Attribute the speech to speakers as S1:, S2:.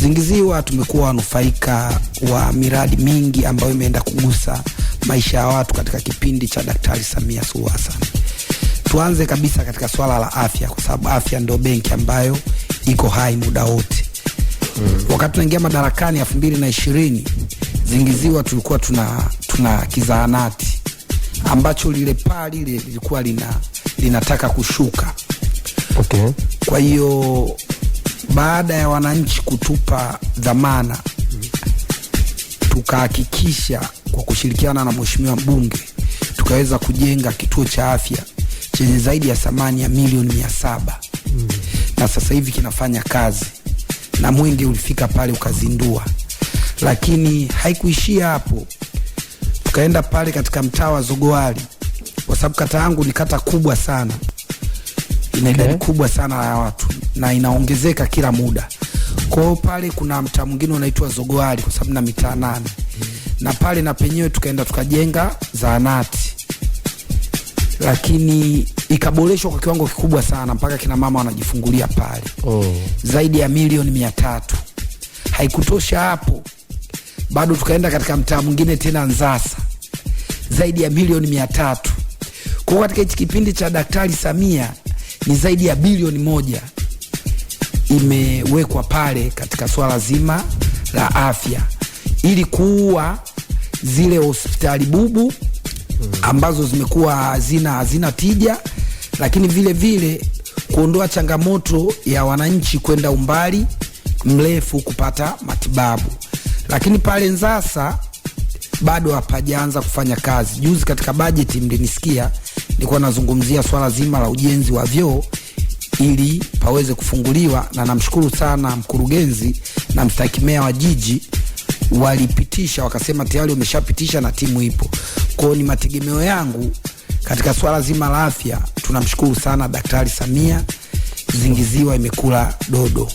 S1: Zingiziwa tumekuwa wanufaika wa miradi mingi ambayo imeenda kugusa maisha ya watu katika kipindi cha Daktari Samia Suluhu Hassan. Tuanze kabisa katika swala la afya, kwa sababu afya ndio benki ambayo iko hai muda wote. Mm. Wakati tunaingia madarakani elfu mbili na ishirini Zingiziwa tulikuwa tuna, tuna kizahanati ambacho lile paa lile lilikuwa lina, linataka kushuka okay. Kwa hiyo baada ya wananchi kutupa dhamana tukahakikisha kwa kushirikiana na mheshimiwa mbunge tukaweza kujenga kituo cha afya chenye zaidi ya thamani ya milioni mia saba mm. na sasa hivi kinafanya kazi na mwenge ulifika pale ukazindua, lakini haikuishia hapo. Tukaenda pale katika mtaa wa Zogoari, kwa sababu kata yangu ni kata kubwa sana, ina idadi okay, kubwa sana ya watu na inaongezeka kila muda. Kwa hiyo pale kuna mtaa mwingine unaitwa Zogoali kwa sababu na mitaa nane, na pale na penyewe tukaenda tukajenga zahanati, lakini ikaboreshwa kwa kiwango kikubwa sana mpaka kina mama wanajifungulia pale oh. Zaidi ya milioni mia tatu. Haikutosha hapo, bado tukaenda katika mtaa mwingine tena Nzasa, zaidi ya milioni mia tatu. Kwa katika hichi kipindi cha Daktari Samia ni zaidi ya bilioni moja imewekwa pale katika swala zima la afya ili kuua zile hospitali bubu ambazo zimekuwa hazina hazina tija, lakini vile vile kuondoa changamoto ya wananchi kwenda umbali mrefu kupata matibabu. Lakini pale Nzasa bado hapajaanza kufanya kazi. Juzi katika bajeti mlinisikia nilikuwa nazungumzia swala zima la ujenzi wa vyoo ili paweze kufunguliwa, na namshukuru sana mkurugenzi na mstahiki meya wa jiji walipitisha, wakasema tayari wameshapitisha na timu ipo. Kwao ni mategemeo yangu katika swala zima la afya. Tunamshukuru sana Daktari Samia, zingiziwa imekula dodo.